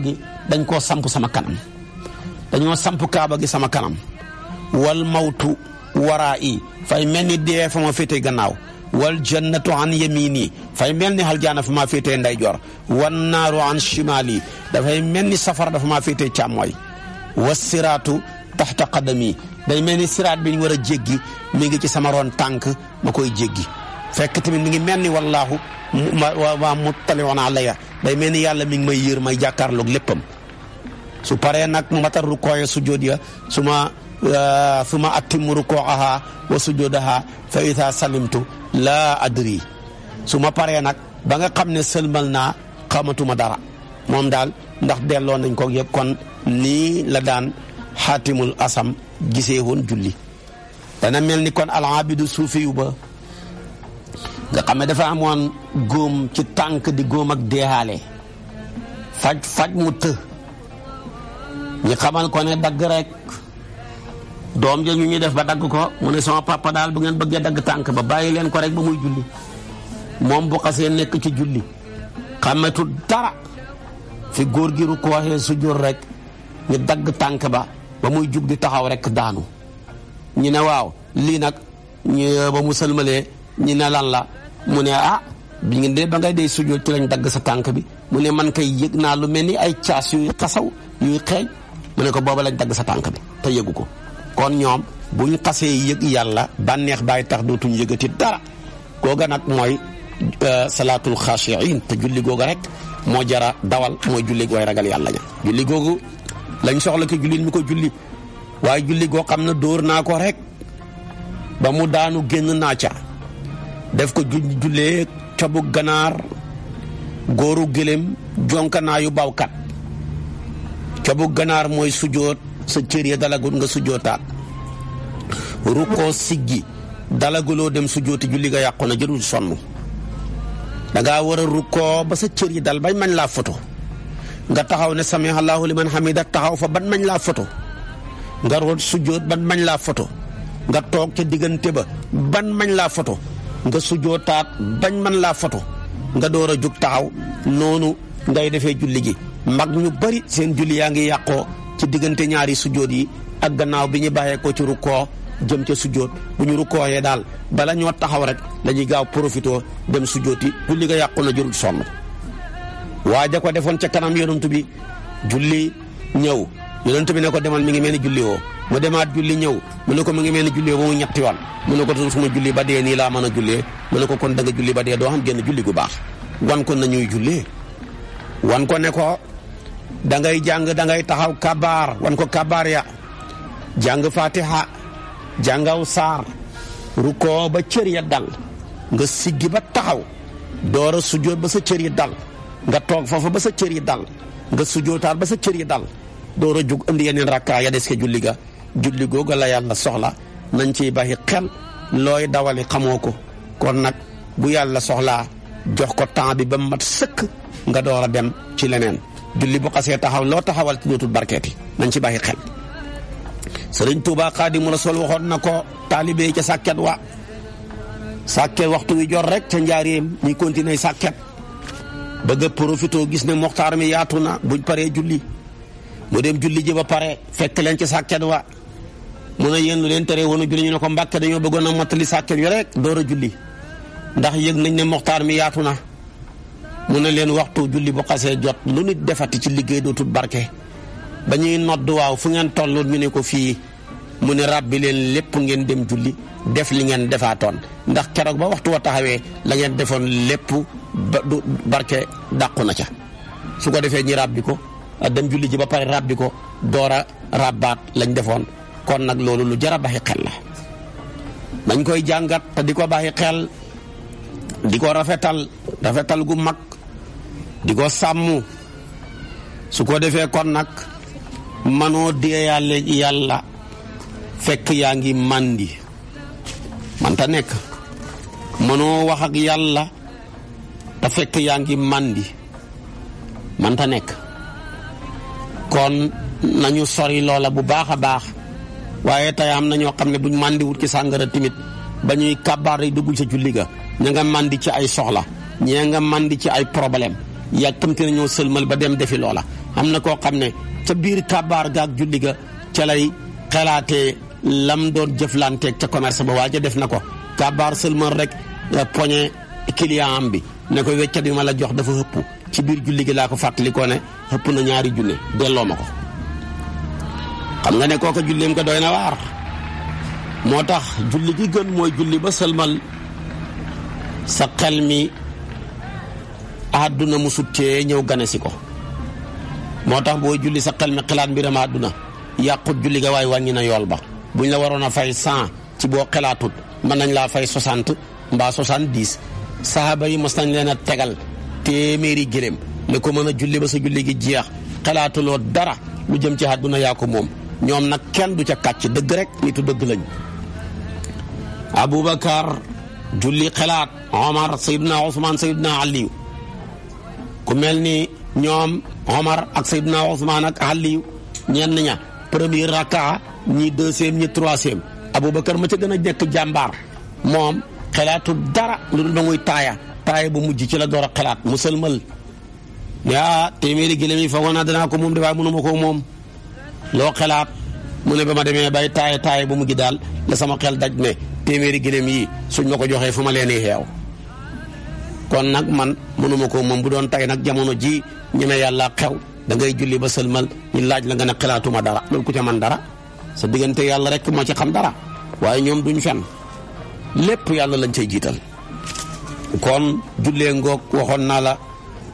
dañ koo samp sama kanam dañoo samp kaaba gi sama kanam wal mawtu waraa i fay mel ni dee fa ma féete gannaaw wal jannatu an yamini fay mel ni aljanna fa ma féete ndeyjoor wan naaru an shimali dafay mel ni safar dafa ma féete càmmooy wa siraatu taxta qadami day mel ni siraat biñ war a jéggi mi ngi ci sama roon tànk ma koy jéggi fekk tamit mi ngi mel ni wallaahu ma muttaliun alaya day mel ni yàlla mi ngi may yër may jàkkaarloog léppam su paree nag mu matal rukkoo ya sujjóot su suma atimu rukuuaha wa sujudaha fa ida salimtu la adri su ma paree nag ba nga xam ne sëlmal naa xamatuma dara moom daal ndax delloo nañ ko yëpp kon nii la daan xaatimul asam gisee woon julli dana mel ni kon alaabidu suufiyu ba nga xam ne dafa amoon góom ci tànk di góom ak deexaale faj faj mu të ñi xamal ko dagg rek doom ja ñu ñuy def ba dagg ko mu ne sama papa daal bu ngeen bëggee dagg tànk ba bàyyi leen ko rek ba muy julli moom bu xasee nekk ci julli xamatu dara fi góor gi ru ko waxee su jur rek ñu dagg tànk ba ba muy jub di taxaw rek daanu ñu ne waaw lii nag ñu ba mu sëlmalee ñu ne lan la mu ne ah bi ngeen ba ngay dee sujjóot ci lañ dagg sa tànk bi mu ne man kay yëg naa lu mel ni ay caas yuy xasaw yuy mu ne ko booba lañ dagg sa tànk bi te yëgu ko kon ñoom bu ñu xasee yëg yàlla bànneex bàyyi tax dootuñu yëgati dara googa nag mooy euh, salaatul xaashiin te julli googa rek moo jara dawal mooy julli ragal yàlla ña julli googu lañ soxla ki jullit mi ko julli waaye julli goo xam ne dóor naa ko rek ba mu daanu génn naa ca def ko jullee cobu ganaar góoru gëléem jonkanaayu bawkat cobu ganaar mooy sujoot sa cër ya dalagul nga sujjootaat rukkoo siggi dalaguloo dem sujjooti julli nga yàqu na jërul sonn danga war a rukkoo ba sa cër yi dal bañ mañ laa foto nga taxaw ne sami allahu liman hamida taxaw fa ban mañ laa foto nga root ban mañ laa foto nga toog ca diggante ba ban mañ laa foto nga sujjootaat bañ man laa foto nga door a jug taxaw noonu ngay defee julli gi mag ñu bari seen julli yaa ngi yàqoo ci diggante ñaari sujjóot yi ak gannaaw bi ñu bàyyee ko ci rukkoo jëm ca sujjóot bu ñu rukkooyee daal bala ñoo taxaw rek dañuy gaaw profitoo dem sujjóot yi julli nga yàqu na jurul sonn waaja ko defoon ca kanam yonent bi julli ñëw yonent bi ne ko demal mi ngi mel ni julli woo mu demaat julli ñëw mu ne ko mu ngi mel ni julli woo mu ñetti yoon mu ne ko doon suma julli ba dee nii laa mën a jullee mu ne ko kon da nga julli ba dee doo xam génn julli gu baax wan ko nañuy jullee dangay jàng dangay taxaw kabaar wan ko kabaar ya jàng fatiha jàngaw saar rukkoo ba cër ya dal nga siggi ba taxaw doora a ba sa cër yi dal nga toog foofu ba sa cër yi dal nga sujjootaat ba sa cër yi dal doora a indi yeneen rakkaa ya des ke julli ga julli googa la yàlla soxla nañ ciy bàyyi xel looy dawali xamoo ko kon nag bu yàlla soxla jox ko temps bi ba mat sëkk nga door a dem ci leneen julli bu xasee taxaw loo taxawal ci dootul barkeeti nañ ci bàyyi xel sëriñ Tuubaa Xaadimu Rasuul waxoon na ko taalibe ca sàkket wa sàkket waxtu wi jot rek ca njaareem ñi continuer sàkket ba a profité gis ne moxtaar mi yaatu na buñ paree julli mu dem julli ji ba pare fekk leen ci sàkket wa mu ne yéen leen tere woon a julli ñu ne ko mbàkke dañoo bëggoon na mottali sàkket wi rek door a julli ndax yëg nañ ne moxtaar mi yaatu na mu ne leen waxtu julli bu xasee jot lu nit defati ci liggéey dootul barke ba ñuy nodd waaw fu ngeen tolloon ñu ne ko fii mu ne ràbbi leen lépp ngeen dem julli def li ngeen defaatoon ndax keroog ba waxtu wa taxawee la ngeen defoon lépp ba barke dàqu na ca su ko defee ñi ràbbi ko dem julli ji ba pare ràbbi ko doora a ràbbaat lañ defoon kon nag loolu lu jar baxi xel la dañ koy jàngat te di ko baxi xel di ko rafetal gu mag di ko sàmm su ko defee kon nag manoo deeyaale yàlla fekk yaa ngi màndi manta nekk manoo wax ak yàlla te fekk yaa ngi màndi manta nekk kon nañu sori loola bu baax a baax waaye tey am na ñoo xam ne buñ màndiwut ci sàngara timit ba ñuy kàbbaar day dugg sa julli ga ña nga màndi ci ay soxla ñee nga màndi ci ay problème yàkkamte na ñoo sëlmal ba dem defi loola am na koo xam ne ca biir kabaar gaak julli ga ca lay xalaatee lam doon jëflanteeg ca commerce ba waaja def na ko kabaar sëlmal rek euh, poñe client bi ne ko weccat bi ma la jox dafa hëpp ci biir julli gi laa ko fàttali ko ne hëpp na ñaari junne delloo ma ko xam nga ne kooka julleem ko doy na waar moo tax julli gi gën mooy julli ba sëlmal sa xel mi àdduna mu sut cee ñëw gane si ko moo tax booy julli sa xel mi xalaat mbiram àdduna yàqut julli ga waaye wàññi na yool ba buñ la waroon a fay cent ci boo xelaatut mën nañ laa fay soixante mbaa soixante-dix saxaaba yi mos nañ leen a tegal téeméeri gëléem ne ko mën a julli ba sa julli gi jeex xalaatuloo dara lu jëm ci àdduna yaa moom ñoom nag kenn du ca kàcc dëgg rek nitu dëgg lañ Aboubacar julli xelaat Omar Seydina Ousmane Seydina Aliou ku mel ni ñoom Omar ak Seydina Ousmane ak Aliyu ñenn ña premier raka ñi deuxième ñi troisième Aboubacar ma ca gën a jekk jàmbaar moom xelaatu dara lu dul da muy taaya taaya bu mujj ci la door a xelaat musalmal yaa téeméeri gëlëm yi foogoon naa danaa ko moom dafaa mënuma ko moom loo xelaat mu ne ba ma demee bay taaya taaya bu mujj daal la sama xel daj ne téeméeri gëlëm yi suñ ma ko joxee fu ma leen xeew kon nag man mënuma ko moom bu doon tay nag jamono ji ñu yàlla xew da ngay julli ba sëlmal ñu laaj la nga ne xalaatuma dara lool ku ca man dara sa diggante yàlla rek moo ci xam dara waaye ñoom duñ fen lépp yàlla lañ cay jiital kon jullee ngoog waxoon naa la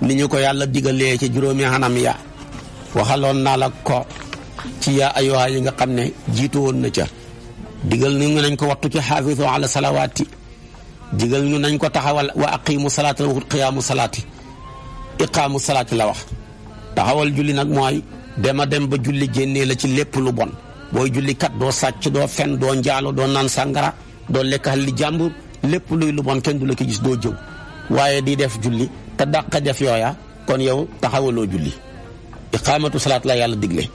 ni ñu ko yàlla diggalee ci juróomi xanam ya waxaloon naa la ko ci yaa ayuha yi nga xam ne jiitu woon na ca digal ni nga nañ ko wattu ci xaafisu ala salawaati digal nañ ko taxawal wa aqimu salaat la waxut qiyaamu salaati iqaamu salaati la wax taxawal julli nag mooy dema dem ba julli génnee la ci lépp lu bon booy julli kat doo sàcc doo fen doo njaalo doo naan sàngara doo lekk li jàmbur lépp luy lu bon kenn du la ko gis doo jëw waaye di def julli te dàq def yooya kon yow taxawaloo julli iqaamatu salaat la yàlla digle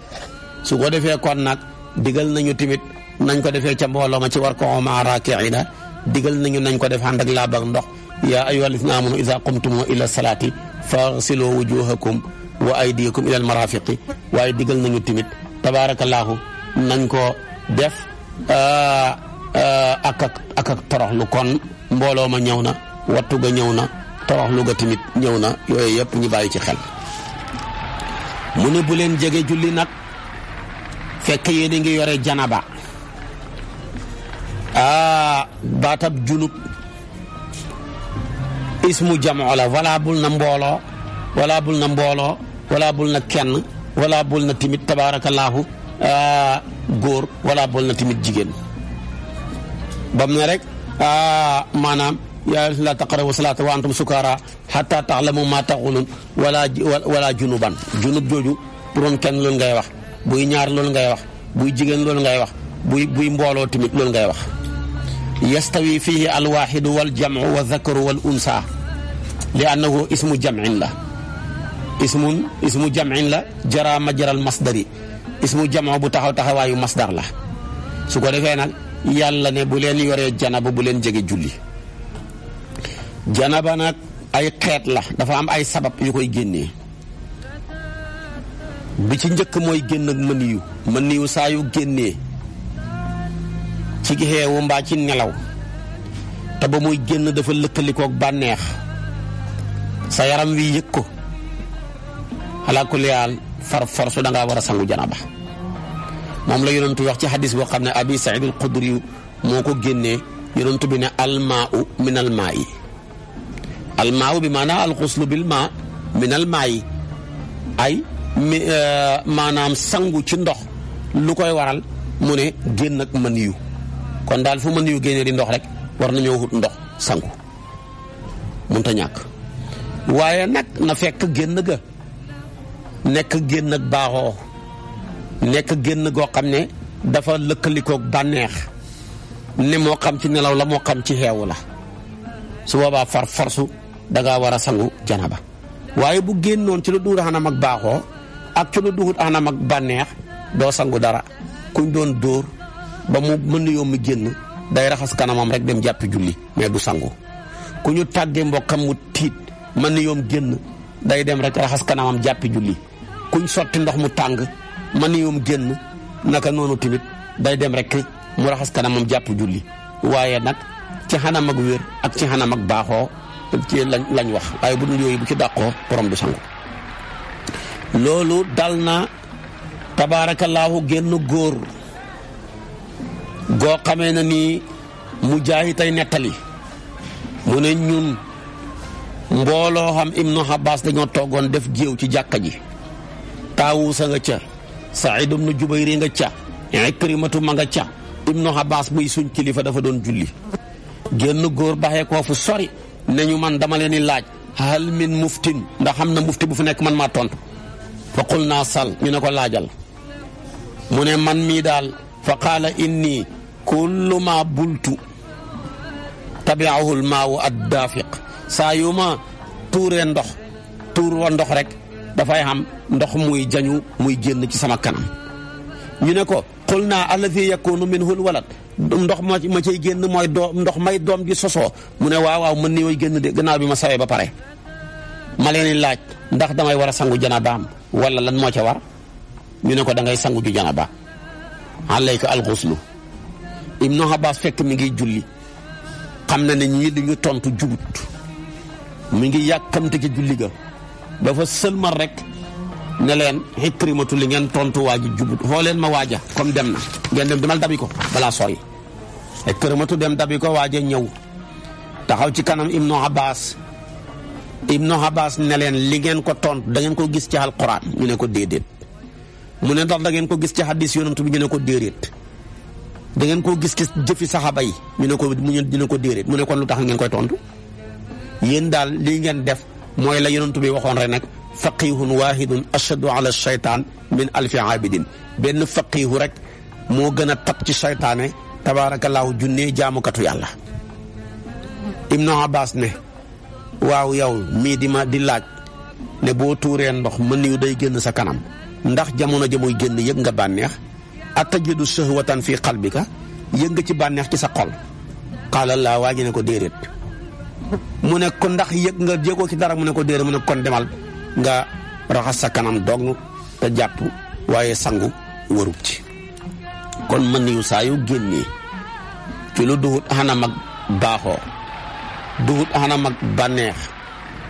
su ko defee kon nag digal nañu tamit nañ ko defee ca mbooloo ma ci war ko ma digal nañu nañ ko def ànd ak laab ak ndox yaa ayyuhal lazina amanu iza qumtum ila salaati faghsilu wujuhakum wa aydiyakum ila almarafiqi waaye digal nañu tamit tabaarakallaahu nañ ko def ak ak ak ak toroxlu kon mbooloo ma ñëw na wattu ga ñëw na toroxlu ga tamit ñëw na yooyu yëpp ñu bàyyi ci xel mu ne bu leen jege julli nag fekk yéen ngi yore janaba ah baata junub ismu jamoo la wala bul na mbooloo wala bul na mbooloo wala bul na kenn wala bul na timit tabaarakallaahu ah, góor wala bul na timit jigéen bam ne rek ah maanaam yaa la taqrabu salaata wa antum sukaara xataa taxlamu ma taqulun wala wala junuban junub jooju bu doon kenn loolu ngay wax buy ñaar loolu ngay wax buy jigéen loolu ngay wax buy buy mbooloo timit loolu ngay wax yastawi fihi alwaxidu waljamu wa zakaru wal unsa li ko ismu jamin la ismun ismu jamin la jara jaral masdari ismu jamoo bu taxaw taxawaayu masdar la su ko defee nag yàlla ne bu leen yoree janaba bu leen jege julli janaba nag ay xeet la dafa am ay sabab yu koy génnee bi ci njëkk mooy génn ak mëniyu mëniyu saa yu génnee ci xeewu mbaa ci nelaw te ba muy génn dafa lëkkalikook bànneex sa yaram wi yëg ko alaa kulli haal far forsu da ngaa war a sangu janaba moom la yonentu wax ci xadis boo xam ne abi saïd al xudri moo ko génnee yonentu bi ne almaau min almaa yi almaau bi maanaam alxuslu bil maa min almaa yi ay euh, maanaam sangu ci ndox lu koy waral mu ne génn ak mën yu kon daal fu mën nañu génnee di ndox rek war nañoo wut ndox sangu mënut ñàkk waaye nag na fekk génn ga nekk génn ak baaxoo nekk génn goo xam ne dafa lëkkalikoog bànneex ne moo xam ci nelaw la moo xam ci xeewu la su boobaa far farsu da ngaa war a sangu janaba waaye bu génnoon ci lu duur anam ak baaxoo ak ci lu a anam ak bànneex doo sangu dara kuñ doon dóor ba mu mën na yomb génn day raxas kanamam rek dem jàppi julli mais du sangoo ku ñu tàggee mbokkam mu tiit mën na yomb génn day dem rek raxas kanamam jàppi julli kuñ sotti ndox mu tàng mën na yomb génn naka noonu tamit day dem rek mu raxas kanamam jàpp julli waaye nag ci xanam ak wér ak ci xanam ak baaxoo ci lañ lañ wax waaye bu dul yooyu bu ci dàqoo borom du sangu loolu dal na tabaarakallaahu génn góor goo xamee na nii mu jaayi tey nettali mu ne ñun mbooloo xam Ibnu Abbas dañoo toogoon def jéew ci jàkka ji taawuusa nga ca Saïd ibnu Jubayri nga ca Ikrimatu ma nga ca Ibnu Abbas muy suñ kilifa dafa doon julli génn góor baxe koo fu sori ne ñu man dama leen di laaj hal min muftin ndax xam na mufti bu fu nekk man maa tontu fa qul naa sal ñu ne ko laajal mu ne man mii daal fa qaala inni kullu ma bultu tabiahul maawu ad daafiq saa yu ma tuuree ndox tuur wa ndox rek dafay xam ndox muy jañu muy génn ci sama kanam ñu ne ko xul naa allazi yakunu minhul walad ndox ma ma cay génn mooy doom ndox may doom ji sosoo mu ne waaw waaw mën ni génn de gannaaw bi ma sawee ba pare ma leen laaj ndax damay war a sangu janabaam wala lan moo ca war ñu ne ko dangay ngay sangu ju janaba alayka alxuslu Ibnu Abbas fekk mi ngi julli xam na ne ñii li ñu tontu jubut mi ngi yàkkamte ci julli ga dafa sëlmal rek ne leen xikrimatu li ngeen tontu waa ji jubut foo leen ma waaja comme dem na ngeen dem demal dabi ko balaa sori xikrimatu dem dabi ko waaja ñëw taxaw ci kanam Ibnu Abbas Ibnu Abbas ne leen li ngeen ko tontu da ngeen ko gis ci alquran ñu ne ko déedéet mu ne ndax da ngeen ko gis ci hadis yonent bi ñu ne ko déedéet da ngeen koo gis ci jëfi saxaaba yi ñu ne ko mu ne ko déedéet mu ne kon lu tax ngeen koy tontu yéen daal lii ngeen def mooy la yonent bi waxoon rek nag faqihun wahidun ashadu ala shaytaan min alfi abidin benn faqihu rek moo gën a tab ci saytaane laaw junnee jaamukatu yàlla ibnu abbas ne waaw yow mii di ma di laaj ne boo tuuree ndox mën niyu day génn sa kanam ndax jamono ja muy génn yëg nga bànneex atajidu sahwatan fi qalbika yëg nga ci bànneex ci sa xol qaala laa waa ji ne ko déedéet mu ne ko ndax yëg nga jéegoo ci dara mu ne ko déedéet mu ne kon demal nga raxas sa kanam dong te jàpp waaye sangu warub ci kon mën nañu saa yu génnee ci lu duhut xanam ak baaxoo duhut xanam ak bànneex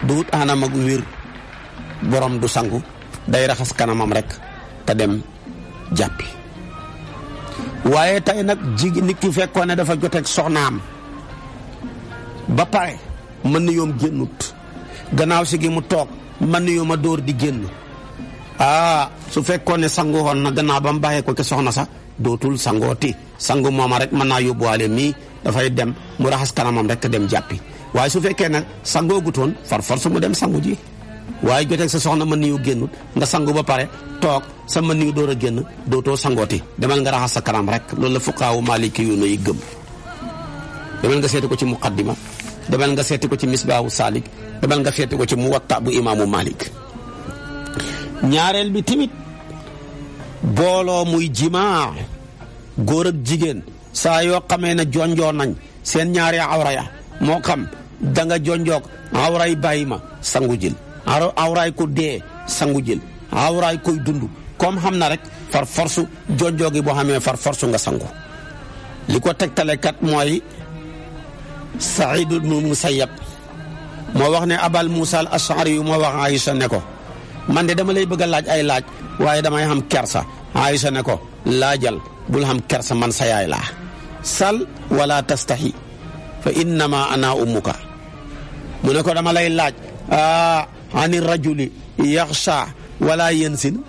duhut xanam ak wér boroom du sangu day raxas kanamam rek te dem jàppi waaye tey nag jig nit ki fekkoon ne dafa joteeg soxnaam ba pare mën na yoom génnut gannaaw si gi mu toog mën na yoom a dóor di génn aa ah, su fekkoon ne sangu woon na gannaaw ba mu bàyyee ko ke soxna sax dootul sangooti sangu mooma rek mën naa yóbbuwaale mii dafay dem mu raxas kanamam rek dem jàppi waaye su fekkee nag sangoogutoon far far su mu dem sangu ji waaye joteeg sa soxna ma niwu génnul nga sangu ba pare toog sa mën niwu door a génn dootoo sangooti demal nga raxas sa kanam rek loolu la fuqaawu malik yu noy gëm demal nga seeti ko ci muqaddima demal nga seeti ko ci misbaawu saalik demal nga seeti ko ci muwatta bu imaamu malik ñaareel bi tamit booloo muy jimaa góor ak jigéen saa yoo xamee ne jonjoo nañ seen ñaari awra ya moo xam da nga awray bàyyi ma sangu jël awraay ko dee sangu jël awraay koy dund comme xam na rek far force jojjoogi boo xamee far force nga sangu li ko tegtalekat mooy Saïd mu Musayyab moo wax ne Abal Moussa al Ashari yu moo wax Aïcha ne ko man de dama lay bëgg a laaj ay laaj waaye damay xam kersa Aïcha ne ko laajal bul xam kersa man sa la laa sal wala tastahi fa innama ana ummuka mu ne dama lay laaj ah, ani rajuli yaxsha wala yensin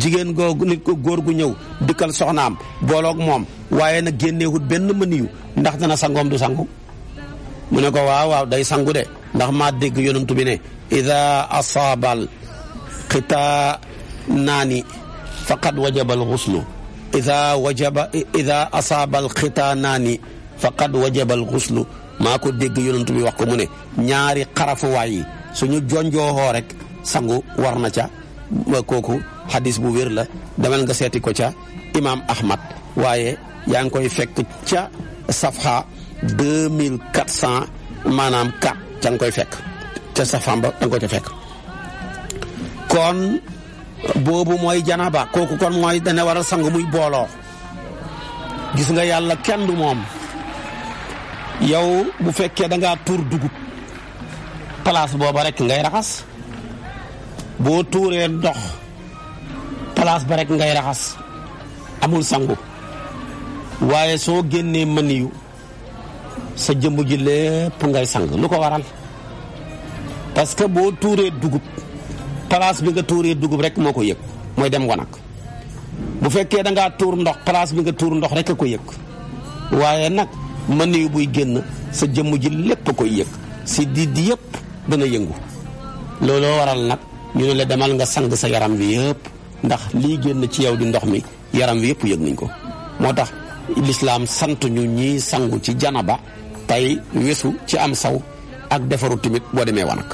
jigéen googu nit ko góor gu ñëw dikkal soxnaam booloog moom waaye nag génneewut benn mëniyu ndax dana sangoom du sangu mu ne ko waaw waaw day sangu de ndax ma dégg yonantu bi ne ida asaabal xitaa naani faqad wajaba al xuslu ida wajaba ida asaabal xitaa naani faqad wajaba al xuslu maa ko dégg yonantu bi wax ko mu ne ñaari xarafuwaay yi suñu jonjooxoo rek sangu war na ca kooku hadis bu wér la demal nga seeti ko ca imam ahmad waaye yaa ngi koy fekk ca safha 2400 maanaam 4 ca nga koy fekk ca safam ba da nga ca fekk kon boobu mooy janaba kooku kon mooy dana waral sangu sang muy booloo gis nga yàlla kenn du moom yow bu fekkee da ngaa dugub place booba rek ngay raxas boo tuuree ndox place ba rek ngay raxas amul sangu waaye soo génnee maniyu sa jëmm ji lépp ngay sang lu ko waral parce que boo tuuree dugub place bi nga tuuree dugub rek moo ko yëg mooy dem wanag bu fekkee da ngaa tuur ndox place bi nga tuur ndox rek a ko yëg waaye nag maniyu buy génn sa jëmm ji lépp koy yëg si di di yëpp dana yëngu looloo waral nag ñu ne la demal nga sang sa yaram wi yëpp ndax lii génn ci yow di ndox mi yaram wi yëpp yëg nañ ko moo tax lislaam sant ñu ñii sangu ci janaba tey wesu ci am saw ak defaru tamit boo demee wanag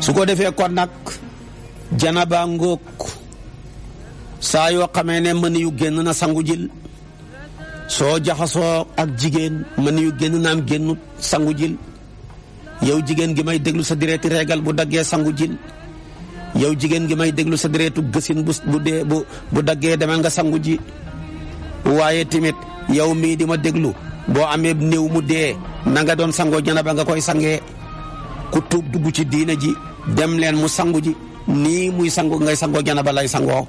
su ko defee kon nag janaba ngóog saa yoo xamee ne mën yu génn na sangu jil soo jaxasoo ak jigéen mën yu génn naam génnut sangu jil yow jigéen gi may déglu sa direeti reegal bu daggee sangu jin yow jigéen gi may déglu sa direetu gësin bu bu dee bu bu daggee demal nga sangu ji waaye tamit yow mii di ma déglu boo amee néew mu dee na nga doon sangoo janaba nga koy sangee ku tuub dugg ci diina ji dem leen mu sanguji nii muy sangu ngay sangoo janaba lay sangoo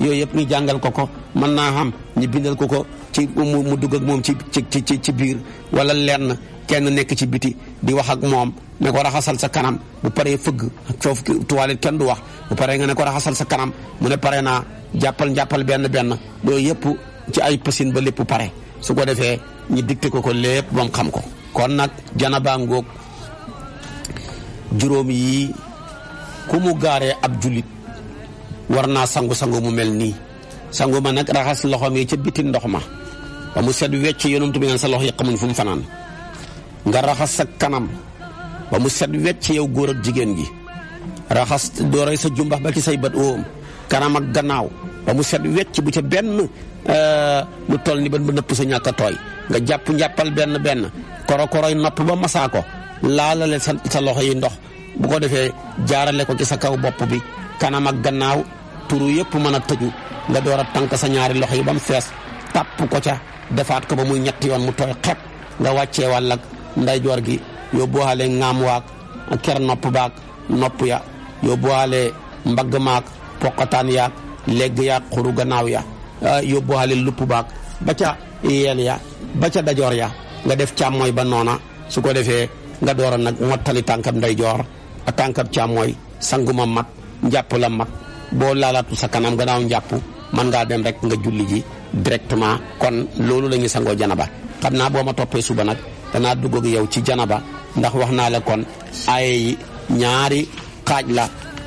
yooyu yëpp ñu jàngal ko ko mën naa xam ñu bindal ko ko ci mu dugg ak moom ci ci ci ci biir wala leen kenn nekk ci biti di wax ak moom ne ko raxasal sa kanam bu paree fëgg foofu toilette kenn du wax bu paree nga ne ko raxasal sa kanam mu ne pare naa jàppal njàppal benn benn loolu yëpp ci ay piscine ba lépp pare su ko defee ñi dicté ko ko lépp ba xam ko. kon nag janaba ngoog juróom yi ku mu gaaree ab jullit war naa sangu-sangu mu mel nii sangu ma nag raxas loxoom yi ca biti ndox ma ba mu set wecc yonent bi sa loxo yi xamuñ fu mu fanaan. nga raxas sa kanam ba mu set wet ci yow góor ak jigéen gi raxas dooray sa jumbax ba ci say bët woom kanam ak gannaaw ba mu set wecc bu ca benn euh, lu toll ni ba mu nëpp sa ñàkk a tooy nga jàpp njàppal benn benn korokoroy nopp ba masaa ko laalale sa sa loxo yi ndox bu ko defee jaarale ko ci sa kaw bopp bi kanam gannaaw turu yëpp mën a tëju nga door a sa ñaari loxo yi ba mu fees tàpp ko ca defaat ko ba muy ñetti yoon mu tooy xepp nga wàccee wàll ndeyjoor gi yóbbuwaale ŋaam waag ker nopp baag nopp ya yóbbuwaale mbagg maag poqataan yaag legg yaag xuru gannaaw ya ah, yóbbuwaale lupp baag ba ca yeel ya ba ca dajoor ya nga def càmmooy ba noona su ko defee nga doora a nag mottali tànkab ndeyjoor a tànkab càmmooy sanguma mat njàpp la mag boo laalaatu sa kanam gannaaw njàpp mën ngaa dem rek nga julli ji directement kon loolu la ñuy sangoo janaba xam naa boo ma toppee suba nag danaa dugg ak yow ci janaba ndax wax naa la kon aaya ñaari kaaj la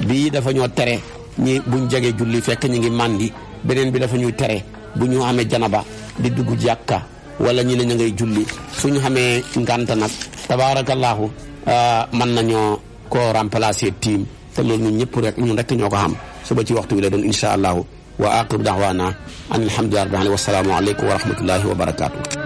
bii dafa ñoo tere ñi buñ jege julli fekk ñu ngi màndi beneen bi dafa ñuy tere bu ñu amee janaba di dugg jàkka wala ñu ne ña ngay julli suñu xamee ngànta nag tabaarakallaahu ah, mën nañoo koo remplacer tiim te loolu ñun ñëpp rek ñun rek ñoo ko xam suba ci waxtu bi la doon incha allahu wa aqib dahwaana an alhamdulillahi rabbil alamin wa salaamu aleykum wa rahmatullahi wa barakaatu